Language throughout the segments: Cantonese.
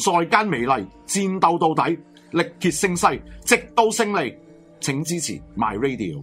在間美麗，戰鬥到底，力竭勝勢，直到勝利，請支持 My Radio。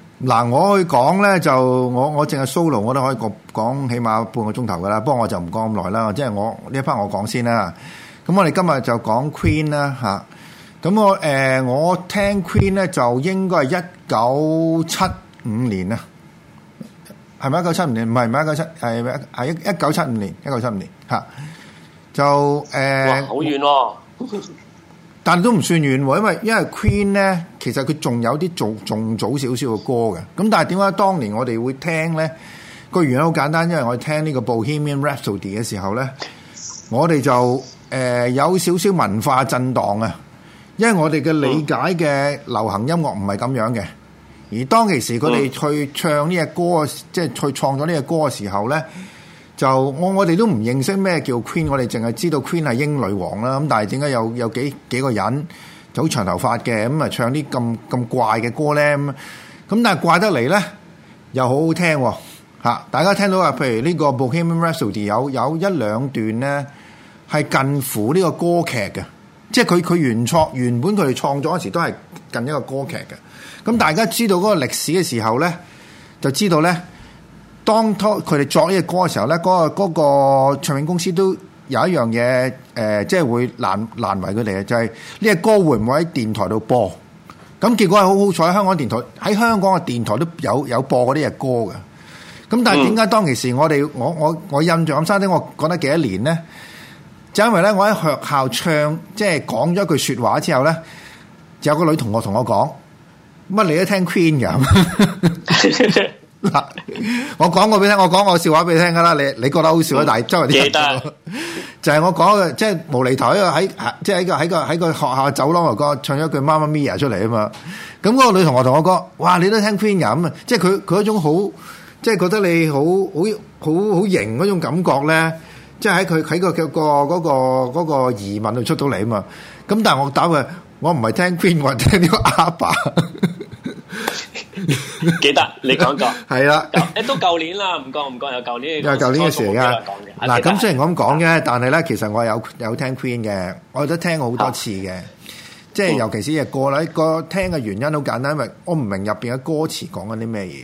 嗱，我去講咧就我我淨係 solo 我都可以講講起碼半個鐘頭噶啦，不過我就唔講咁耐啦，即係我呢一 part 我先講先啦。咁、嗯、我哋今日就講 Queen 啦嚇。咁、啊嗯、我誒、呃、我聽 Queen 咧就應該係一九七五年，一九七五年啊，係咪一九七五年？唔係唔係一九七係一一九七五年一九七五年嚇。就誒，好遠喎、哦。 但都唔算完喎，因為因為 Queen 咧，其實佢仲有啲仲仲早少少嘅歌嘅。咁但係點解當年我哋會聽咧？個原因好簡單，因為我聽呢、呢個《Bohemian Rhapsody》嘅時候咧，我哋就誒、呃、有少少文化震盪啊，因為我哋嘅理解嘅流行音樂唔係咁樣嘅，而當其時佢哋去唱呢隻歌，即係去創咗呢隻歌嘅時候咧。就我我哋都唔認識咩叫 Queen，我哋淨係知道 Queen 係英女王啦。咁但係點解有有幾幾個人，就好長頭髮嘅咁啊，唱啲咁咁怪嘅歌咧？咁咁但係怪得嚟咧，又好好聽嚇、哦。大家聽到啊，譬如呢、這個 Bohemian Rhapsody 有有一兩段咧，係近乎呢個歌劇嘅，即係佢佢原創原本佢哋創作嗰時都係近一個歌劇嘅。咁、嗯嗯、大家知道嗰個歷史嘅時候咧，就知道咧。當佢哋作呢隻歌嘅時候咧，嗰個嗰個唱片公司都有一樣嘢，誒、呃，即係會難難為佢哋嘅，就係呢隻歌會唔會喺電台度播？咁結果係好好彩，香港電台喺香港嘅電台都有有播嗰啲嘅歌嘅。咁但係點解當其時我哋我我我印象咁深咧？我講得幾多年咧？就因為咧，我喺學校唱即係講咗一句説話之後咧，就有個女同學同我講：乜你都聽 Queen 噶？ 」 嗱， 我講過俾你聽，我講個笑話俾你聽噶啦。你你覺得好笑啊？但係周圍啲人 就係我講嘅，即係無厘頭喺即係喺個喺個喺個學校走廊度，高唱咗一句《媽媽咪呀》出嚟啊嘛。咁、嗰、嗰個女同學同我講：哇，你都聽 Queen 啊？咁啊，即係佢佢一種好，即係覺得你好好好好型嗰種感覺咧，即係喺佢喺個、嗰個、嗰個、嗰個、嗰個移民度出到嚟啊嘛。咁但係我打佢，我唔係聽 Queen，我聽啲阿爸。 記得你講過係啦，誒 的、欸、都舊年啦，唔講唔講，有舊年又舊年嘅事啊！嗱，咁雖然咁講嘅，但係咧，其實我有有聽 Queen 嘅，我都聽過好多次嘅，嗯、即係尤其是啲嘅歌啦。個聽嘅原因好簡單，因為我唔明入邊嘅歌詞講緊啲咩嘢。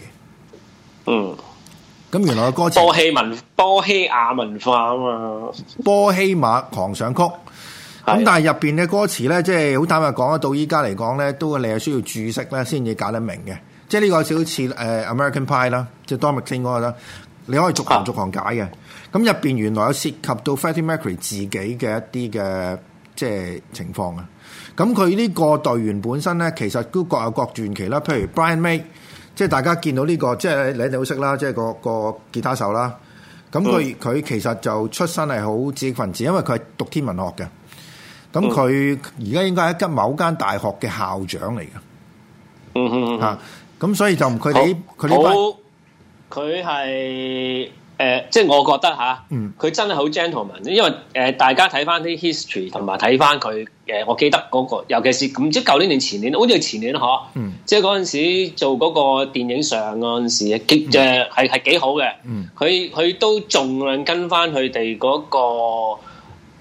嗯，咁原來嘅歌詞波希文、波希亞文化啊嘛，波希馬狂想曲。咁、嗯、的但係入邊嘅歌詞咧，即係好坦白講，到依家嚟講咧，都你係需要注釋咧，先至搞得明嘅。即係呢個就好似誒 American Pie 啦，即係 Don McLean 嗰個啦，你可以逐行逐行解嘅。咁入邊原來有涉及到 Freddie Mercury 自己嘅一啲嘅即係情況啊。咁佢呢個隊員本身咧，其實都各有各傳奇啦。譬如 Brian May，即係大家見到呢、這個，即係你哋好識啦，即係個個吉他手啦。咁佢佢其實就出身係好知識分子，因為佢係讀天文學嘅。咁佢而家應該喺間某間大學嘅校長嚟嘅。嗯，嗯，嗯咁所以就唔佢哋佢呢佢係誒，即係我覺得吓，嗯，佢真係好 gentleman，因為誒、呃、大家睇翻啲 history 同埋睇翻佢誒，我記得嗰、嗰個，尤其是唔知舊年定前年，好似係前年嗬，嗯，即係嗰陣時做嗰個電影上岸時激，誒，係、呃、係、嗯、幾好嘅，嗯，佢佢都盡量跟翻佢哋嗰個。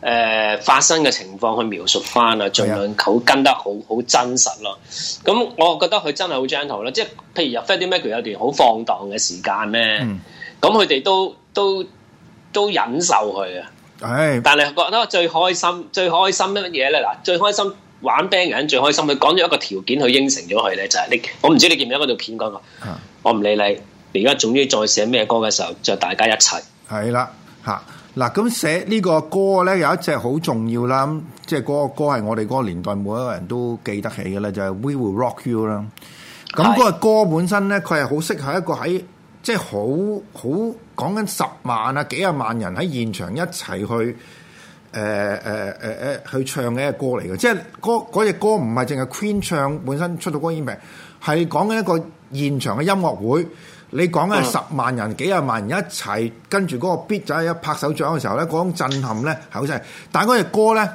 誒、呃、發生嘅情況去描述翻啊，儘量好跟得好是好真實咯。咁、嗯、我覺得佢真係好 gentle 咧，即係譬如入 fit 啲 i c h a e l 有段好放蕩嘅時間咧，咁佢哋都都都忍受佢啊。係，是但係覺得最開心最開心乜嘢咧？嗱，最開心玩 band 人最開心，佢講咗一個條件，佢應承咗佢咧，就係、是、你我唔知你見唔見嗰度片講過，啊、我唔理你。而家總之再寫咩歌嘅時候，就大家一齊係啦嚇。嗱，咁寫呢個歌咧有一隻好重要啦，即係嗰個歌係我哋嗰個年代每一個人都記得起嘅咧，就係、是、We Will Rock You 啦。咁嗰的個歌本身咧，佢係好適合一個喺即係好好講緊十萬啊幾啊萬人喺現場一齊去誒誒誒誒去唱嘅一隻歌嚟嘅，即係嗰、那個那個、隻歌唔係淨係 Queen 唱本身出到歌耳病》，係講緊一個現場嘅音樂會。你講緊十萬人、幾廿萬人一齊跟住嗰個 beat 仔一拍手掌嘅時候咧，嗰種震撼咧係好犀利。但係嗰隻歌咧，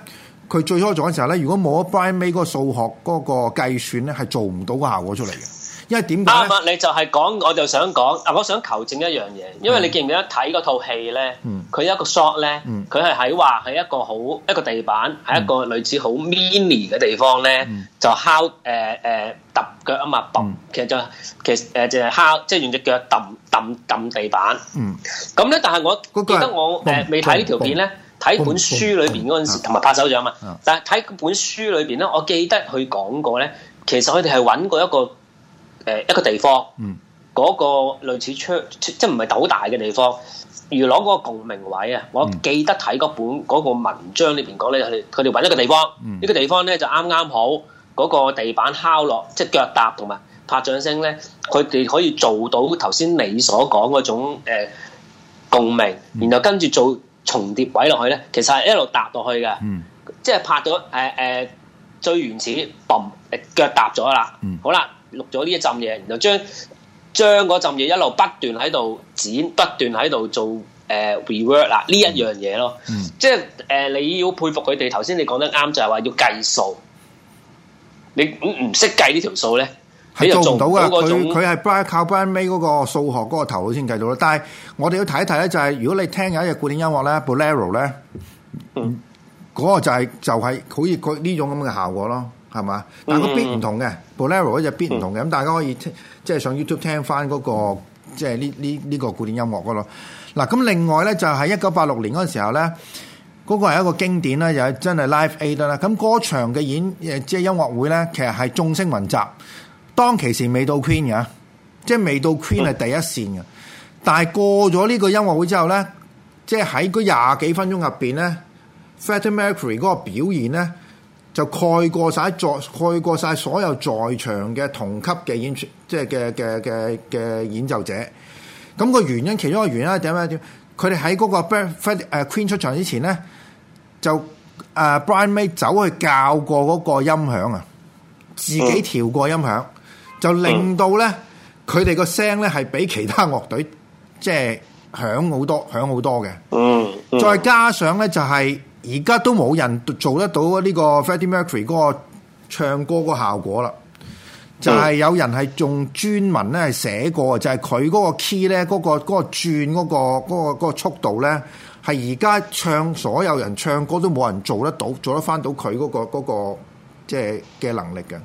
佢最初做嘅時候咧，如果冇咗 Brian May 嗰個數學嗰個計算咧，係做唔到個效果出嚟嘅。啱唔啱？啊、你就係講，我就想講，啊！我想求證一樣嘢，因為你記唔記得睇嗰套戲咧？嗯，佢一個 shot 咧，佢係喺話係一個好一個地板，係一個類似好 mini 嘅地方咧，就敲誒誒揼腳啊嘛，揼，其實就其實誒就係敲，即係用隻腳揼揼揼地板。嗯，咁咧，但係我記得我誒未睇呢條片咧，睇本書裏邊嗰陣時，同埋拍手掌啊嘛。但係睇本書裏邊咧，我記得佢講過咧，其實佢哋係揾過一個。誒、呃、一個地方，嗰、嗯、個類似出即係唔係好大嘅地方，如攞嗰個共鳴位啊！我記得睇嗰本嗰個文章裡面，呢邊講咧，佢哋佢哋揾一個地方，呢、嗯、個地方咧就啱啱好嗰、那個地板敲落，即係腳踏同埋拍掌聲咧，佢哋可以做到頭先你所講嗰種、呃、共鳴，然後跟住做重疊位落去咧，其實係一路踏落去嘅，嗯、即係拍咗，誒、呃、誒、呃、最原始，嘣、呃！腳踏咗啦、嗯，好啦。錄咗呢一浸嘢，然後將將嗰浸嘢一路不斷喺度剪，不斷喺度做誒 rework 啦，呢、呃、一樣嘢咯，嗯、即係誒、呃、你要佩服佢哋。頭先你講得啱，就係、是、話要計數，你唔唔識計呢條數咧，你做唔到噶。佢佢係靠靠 Brian May 嗰個數學嗰個頭先計到咯。但係我哋要睇一睇咧，就係如果你聽有一隻古典音樂咧，Bolero 咧，嗰、嗯、個就係、是、就係好似佢呢種咁嘅效果咯。係嘛？但個 beat 唔同嘅，Bolero 嗰隻 beat 唔同嘅，咁、mm hmm. 大家可以即係、就是、上 YouTube 聽翻嗰、那個，即係呢呢呢個古典音樂嘅咯。嗱，咁另外咧就係一九八六年嗰陣時候咧，嗰、那個係一個經典啦，又、就、係、是、真係 Live Aid 啦。咁嗰場嘅演，即、就、係、是、音樂會咧，其實係眾星雲集。當其時未到 Queen 啊，即係未到 Queen 係第一線嘅，但係過咗呢個音樂會之後咧，即係喺嗰廿幾分鐘入邊咧 Freddie Mercury 嗰個表現咧。就蓋過晒在蓋過曬所有在場嘅同級嘅演出，即係嘅嘅嘅嘅演奏者。咁個原因其中一個原因係點啊？點？佢哋喺嗰個 b a c d a Queen 出場之前咧，就誒、uh, Brian May 走去校過嗰個音響啊，自己調過音響，就令到咧佢哋個聲咧係比其他樂隊即係、就是、響好多，響好多嘅。嗯，再加上咧就係、是。而家都冇人做得到呢個 Freddie Mercury 個唱歌個效果啦，就係有人係仲專門咧係寫過，就係佢個 key 咧，個個轉個個個速度咧，係而家唱所有人唱歌都冇人做得到，做得翻到佢個個即係嘅能力嘅。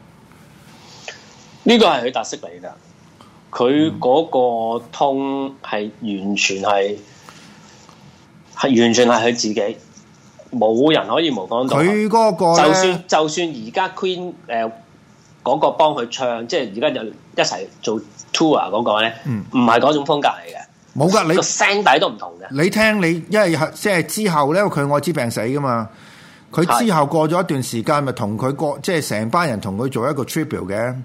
呢個係佢特色嚟噶，佢個 tone 係完全係係完全係佢自己。冇人可以模仿到。佢嗰個就算就算而家 Queen 誒嗰個幫佢唱，即係而家就一齊做 tour 啊嗰、那個咧，嗯，唔係嗰種風格嚟嘅。冇㗎、嗯，你個聲底都唔同嘅。你聽你，因為即係之後咧，佢愛滋病死㗎嘛，佢之後過咗一段時間，咪同佢過即係成班人同佢做一個 tribute 嘅。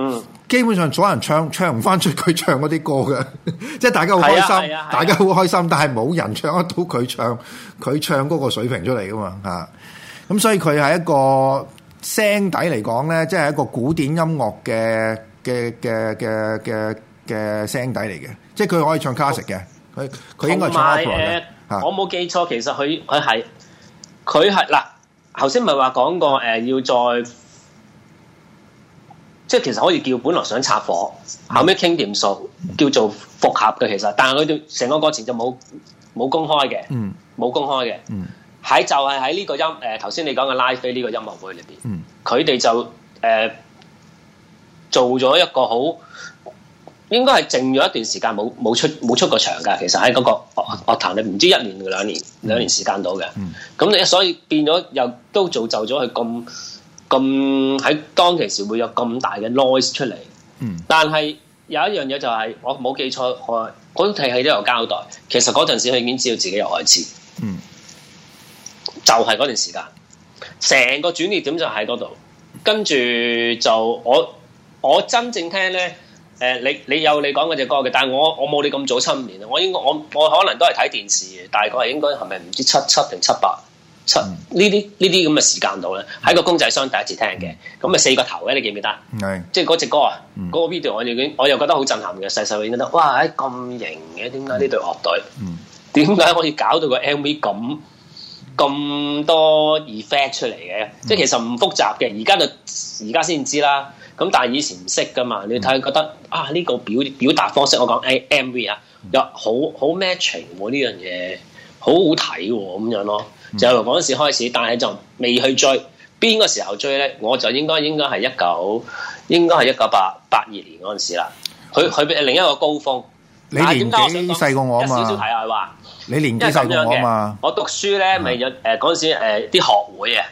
嗯，基本上所有人唱唱唔翻出佢唱嗰啲歌嘅， 即係大家好開心，啊啊啊、大家好開心，但係冇人唱得到佢唱佢唱嗰個水平出嚟噶嘛吓，咁、嗯、所以佢係一個聲底嚟講咧，即係一個古典音樂嘅嘅嘅嘅嘅嘅聲底嚟嘅，即係佢可以唱 classic 嘅，佢佢應該係嘅、呃的呃、我冇記錯，其實佢佢係佢係嗱，頭先咪話講過誒、呃，要再。即係其實可以叫本來想拆夥，後尾傾掂數叫做復合嘅其實，但係佢哋成個過程就冇冇公開嘅，冇、嗯、公開嘅，喺、嗯、就係喺呢個音誒頭先你講嘅拉菲呢個音樂會裏邊，佢哋、嗯、就誒、呃、做咗一個好應該係靜咗一段時間冇冇出冇出過場㗎，其實喺嗰個樂樂壇咧，唔知一年兩年兩年時間度嘅，咁你、嗯嗯、所以變咗又都造就咗佢咁。咁喺當其時會有咁大嘅 noise 出嚟，嗯，但，但係有一樣嘢就係、是、我冇記錯，我嗰台戲都有交代，其實嗰陣時佢已經知道自己有愛滋，嗯，就係嗰段時間，成個轉捩點就喺嗰度，跟住就我我真正聽咧，誒、呃，你你有你講嗰隻歌嘅，但係我我冇你咁早七五年啊，我應該我我可能都係睇電視嘅，大概係應該係咪唔知七七定七,七八？呢啲呢啲咁嘅時間度咧，喺個公仔箱第一次聽嘅，咁啊四個頭咧，你記唔記得？係是的 即係嗰隻歌啊，嗰、嗯、個 video 我已經，我又覺得好震撼嘅，細細個覺得，哇！咁型嘅，點解呢隊樂隊？點解、嗯、可以搞到個 MV 咁咁多 effect 出嚟嘅？即係其實唔複雜嘅，而家就而家先知啦。咁但係以前唔識噶嘛，你睇覺得啊呢、呢個表表達方式，我講 MV 啊，嗯、又好好 matching 呢樣嘢，好好睇喎咁樣咯。就嗰陣時開始，但係就未去追。邊個時候追咧？我就應該應該係一九應該係一九八八二年嗰陣時啦。佢佢另一個高峰，你年紀細過我啊嘛。有少少睇下，係你年紀細過我啊嘛。我，嘛我讀書咧咪、嗯嗯、有誒嗰陣時啲、呃、學會啊，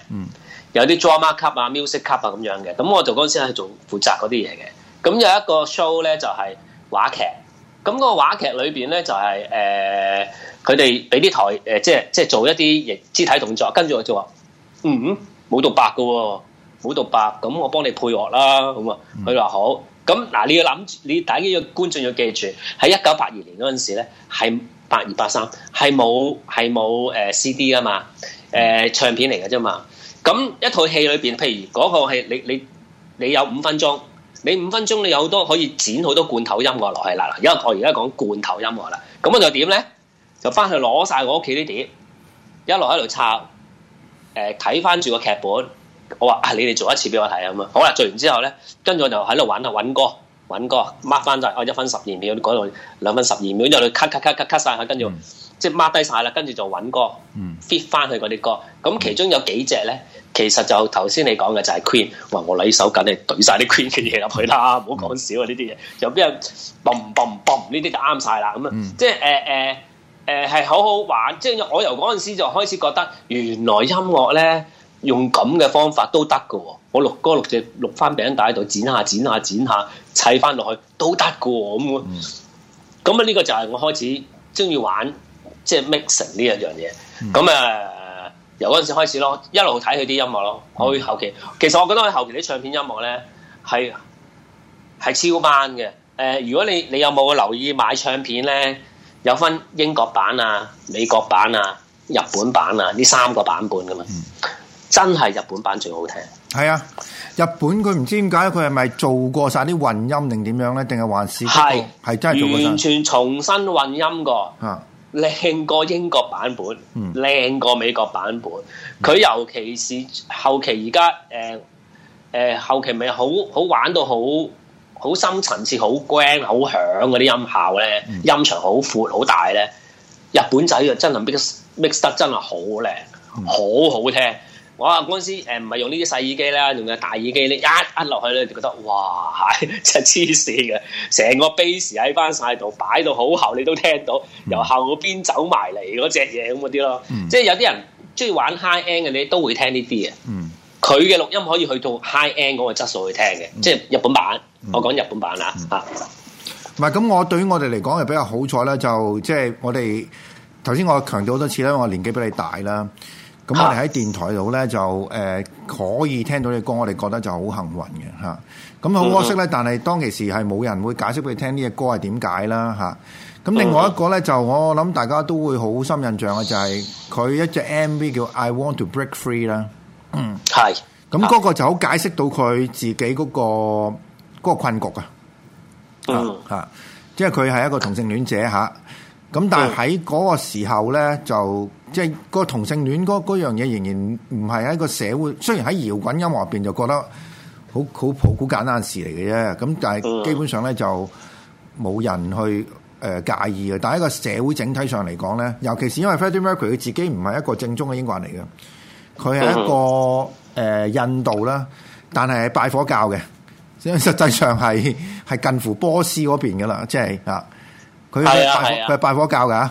有啲 d r a mark 級啊、music 級啊咁樣嘅。咁、嗯嗯、我就嗰陣時係做負責嗰啲嘢嘅。咁有一個 show 咧就係、是、畫劇。咁個話劇裏邊咧就係誒佢哋俾啲台誒、呃、即係即係做一啲肢體動作，跟住我就話：嗯、嗯、冇讀白嘅喎，冇讀白，咁我幫你配樂啦。咁、嗯、啊，佢話、嗯、好。咁嗱，你要諗住，你大家要觀眾要記住，喺一九八二年嗰陣時咧，係八二八三，係冇係冇誒 CD 啊嘛，誒、嗯呃、唱片嚟嘅啫嘛。咁一套戲裏邊，譬如嗰個係你你你，你有五分鐘。你五分鐘，你有好多可以剪好多罐頭音樂落去啦，嗱，因為我而家講罐頭音樂啦。咁我就點咧？就翻去攞晒我屋企啲碟，一路喺度拆，誒睇翻住個劇本。我話、啊：，你哋做一次俾我睇咁啊！好啦，做完之後咧，跟住我就喺度揾下揾歌，揾歌 mark 翻晒。我一、啊、分十二秒，嗰度兩分十二秒，跟住咔咔咔咔晒。嗯跟住即係 mark 低晒啦。跟住就揾歌 fit 翻去嗰啲歌，咁、嗯嗯、其中有幾隻咧？其實就頭先你講嘅就係 Queen，哇！我攞啲手錶嚟懟晒啲 Queen 嘅嘢入去啦，唔好講少啊！呢啲嘢又邊人嘣嘣嘣呢啲就啱晒啦，咁啊，嗯、即係誒誒誒係好好玩。即係我由嗰陣時就開始覺得，原來音樂咧用咁嘅方法都得嘅、哦。我錄歌錄隻錄翻餅帶喺度剪下剪下剪下砌翻落去都得嘅、哦，咁咁啊呢個就係我開始中意玩即係、就是、mixing 呢一樣嘢。咁啊、嗯、～、嗯嗯由嗰陣時開始咯，一路睇佢啲音樂咯。我會、嗯、後期，其實我覺得佢後期啲唱片音樂咧係係超班嘅。誒、呃，如果你你有冇留意買唱片咧，有分英國版啊、美國版啊、日本版啊，呢三個版本㗎嘛。嗯、真係日本版最好聽。係啊，日本佢唔知點解，佢係咪做過晒啲混音定點樣咧？定係還是係係是真係完全重新混音過。啊。靚過英國版本，靚過美國版本。佢尤其是後期而家，誒、呃、誒、呃、後期咪好好玩到好好深層次，好 grand、好響嗰啲音效咧，音場好闊好大咧。日本仔就真係 mix mix 得真係好靚，好、嗯、好聽。哇！嗰陣時誒唔係用呢啲細耳機啦，用嘅大耳機咧一一落去咧就覺得哇，真係黐線嘅，成個 bass 喺翻晒度，擺到好後你都聽到由後邊走埋嚟嗰隻嘢咁嗰啲咯。嗯、即係有啲人中意玩 high end 嘅你都會聽呢啲啊。佢嘅、嗯、錄音可以去到 high end 嗰個質素去聽嘅，嗯、即係日本版。嗯、我講日本版啦嚇。唔係咁，嗯啊嗯、我對於我哋嚟講又比較好彩咧，就即係、就係、我哋頭先我強調好多次啦，我年紀比你大啦。咁我哋喺電台度咧就誒、呃、可以聽到嘅歌，我哋覺得就好幸運嘅吓。咁、啊、好可惜咧，mm hmm. 但係當其時係冇人會解釋俾你聽呢隻歌係點解啦吓。咁、啊、另外一個咧就我諗大家都會好深印象嘅就係、是、佢一隻 M V 叫 I Want to Break Free 啦。嗯，係、啊。咁嗰、mm hmm. 個就好解釋到佢自己嗰、那個、那個困局啊，吓、mm hmm. 啊，即係佢係一個同性戀者吓。咁、啊、但係喺嗰個時候咧就。即係個同性戀嗰樣嘢，仍然唔係喺個社會。雖然喺搖滾音樂入邊就覺得好好普好簡單事嚟嘅啫。咁但係基本上咧就冇人去誒、呃、介意嘅。但係一個社會整體上嚟講咧，尤其是因為 Freddie Mercury 佢自己唔係一個正宗嘅英國人嚟嘅，佢係一個誒、呃、印度啦，但係拜火教嘅，即係實際上係係近乎波斯嗰邊嘅啦。即係啊，佢係啊，佢係拜火教嘅。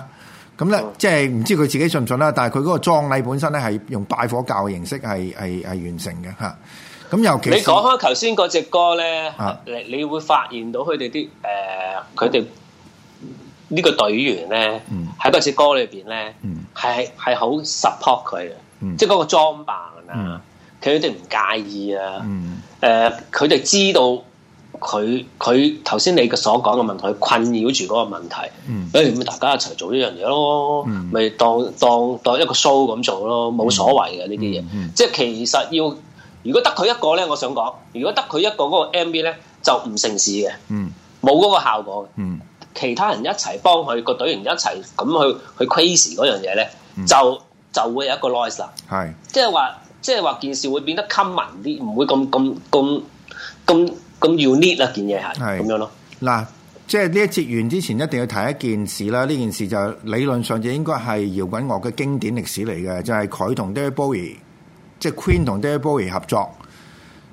咁咧，嗯嗯、即係唔知佢自己信唔信啦。但係佢嗰個葬禮本身咧，係用拜火教嘅形式，係係係完成嘅嚇。咁、嗯、尤其你講開頭先嗰隻歌咧，啊、你你會發現到佢哋啲誒，佢哋呢個隊員咧，喺嗰隻歌裏邊咧，係係係好 support 佢嘅，嗯、即係嗰個裝扮啊，佢哋唔介意啊，誒、呃，佢哋知道。佢佢頭先你嘅所講嘅問題，困擾住嗰個問題。嗯，誒咁、哎，大家一齊做呢樣嘢咯。咪、嗯、當當當一個 show 咁做咯，冇所謂嘅呢啲嘢。嗯嗯、即係其實要，如果得佢一個咧，我想講，如果得佢一個嗰個 MV 咧，就唔成事嘅。嗯，冇嗰個效果嘅。嗯，其他人一齊幫佢個隊員一齊咁去去 queas 嗰樣嘢咧，嗯、就就會有一個 noise 啦。係的，即係話即係話件事會變得襟民啲，唔會咁咁咁咁。麼 ot 咁要呢啦件嘢係，咁樣咯。嗱，即係呢一節完之前一定要提一件事啦。呢件事就理論上就應該係搖滾樂嘅經典歷史嚟嘅，就係佢同 David Bowie，即係 Queen 同 David Bowie 合作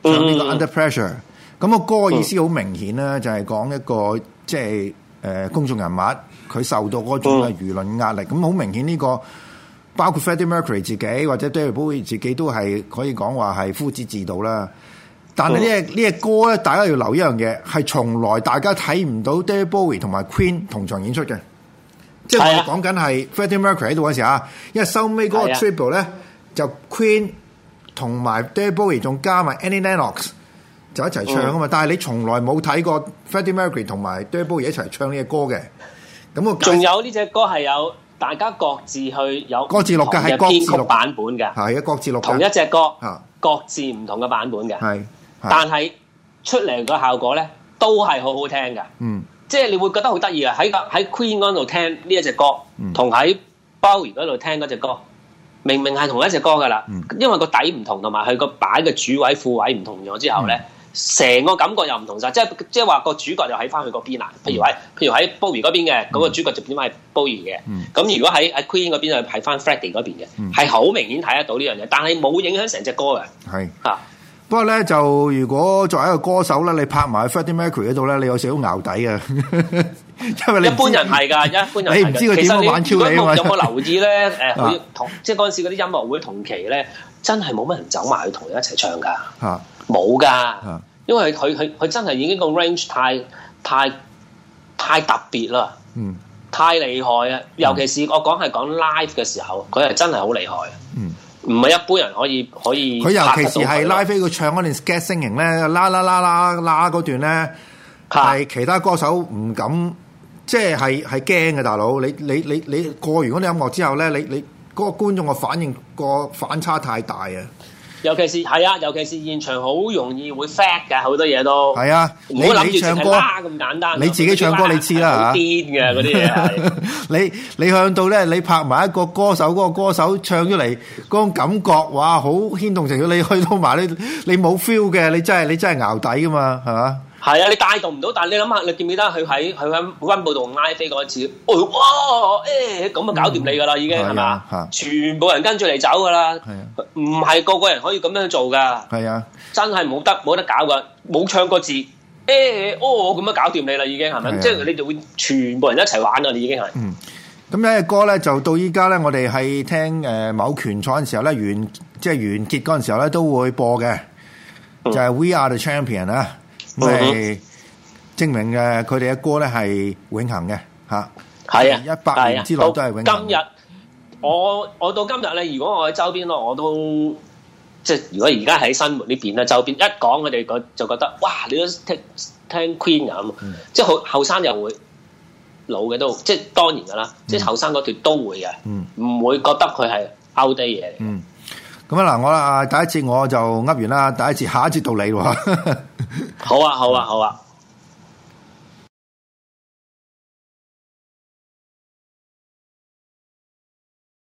唱呢個 Under Pressure、嗯。咁個歌嘅意思好明顯啦，就係講一個即係誒公眾人物佢受到嗰種嘅輿論壓力。咁好、嗯、明顯呢、這個包括 Freddie Mercury 自己或者 David Bowie 自己都係可以講話係夫子自道啦。但係呢隻呢隻歌咧，大家要留意一樣嘢，係從來大家睇唔到 David Bowie 同埋 Queen 同場演出嘅。即係我講緊係 Freddie Mercury 喺度嗰時啊，因為收尾嗰個 triple 咧是的 就 Queen 同埋 David Bowie 仲加埋 Annie Lennox 就一齊唱啊嘛。嗯、但係你從來冇睇過 Freddie Mercury 同埋 David Bowie 一齊唱呢隻歌嘅。咁我仲有呢隻歌係有大家各自去有各自錄嘅，係邊個版本嘅？係啊，各自錄同一隻歌啊，各自唔同嘅版本嘅。係。但係出嚟個效果咧，都係好好聽噶。嗯，即係你會覺得好得意啊！喺個喺 Queen 嗰度聽呢一隻歌，同喺 Bowie 嗰度聽嗰隻歌，明明係同一隻歌噶啦。嗯、因為個底唔同，同埋佢個擺嘅主位副位唔同咗之後咧，成、嗯、個感覺又唔同晒。即係即係話、個主角就喺翻佢個邊啦。譬如喺譬如喺 Bowie 嗰邊嘅嗰個主角就變翻係 Bowie 嘅。咁如果喺喺 Queen 嗰邊就係翻 Freddy 嗰邊嘅，係好明顯睇得到呢樣嘢。但係冇影響成隻歌嘅。係啊、嗯。不過咧，就如果作為一個歌手咧，你拍埋《Freddie Mercury》嗰度咧，你有少少淆底嘅， 因為你一般人唔係㗎，一般人。你唔知佢點玩跳你？有冇留意咧？誒， 同即係嗰陣時嗰啲音樂會同期咧，真係冇乜人走埋去同佢一齊唱㗎。嚇、啊，冇㗎，啊、因為佢佢佢真係已經個 range 太太太特別啦。嗯，太厲害啊！尤其是我講係講 live 嘅時候，佢係真係好厲害。嗯。唔係一般人可以可以。佢尤其是係拉菲佢唱嗰段 sketch 聲型咧，啦啦啦啦啦嗰段咧，係其他歌手唔敢，即係係係驚嘅，大佬。你你你你過完嗰啲音樂之後咧，你你嗰個觀眾個反應個反差太大啊！尤其是係啊，尤其是現場好容易會 fail 㗎，好多嘢都係啊。唔好諗住唱歌咁簡單，你自己唱歌喇喇你知啦嚇。癲嘅嗰啲嘢。你你向到咧，你拍埋一個歌手歌，嗰個歌手唱出嚟嗰種感覺，哇！好牽動情緒。你去到埋呢，你冇 feel 嘅，你真係你真係熬底㗎嘛，係嘛？ 係啊，你帶動唔到，但你諗下，你記唔記得佢喺佢喺溫布萊拉飛過一次？哦、哎，誒、哎，咁啊搞掂你噶啦，已經係嘛？吧全部人跟住嚟，走噶啦，唔係個個人可以咁樣做噶。係啊的，真係冇得冇得搞噶，冇唱過字，誒、哎，哦，咁啊搞掂你啦，已經係咪？的的即係你哋就會全部人一齊玩啊！你已經係。嗯，咁、那、呢個歌咧就到依家咧，我哋係聽誒某拳賽嘅時候咧，完即係、就是、完結嗰陣時候咧都會播嘅，就係、是、We Are the Champion 啊！ 咁證、嗯、明嘅佢哋嘅歌咧係永恒嘅，吓，係啊，一百年之內都係永恒。今日我我到今日咧，如果我喺周邊咯，我都即係如果而家喺生活呢邊咧，周邊一講佢哋就覺得哇，你都聽聽 Queen 啊，即係後後生又會老，老嘅都即係當然噶啦，即係後生嗰段都會嘅，唔、嗯、會覺得佢係 out date 嘅。嗯嗯咁啊嗱，我啦，第一次我就噏完啦，第一次下一節到你喎 。好啊，好啊，好啊。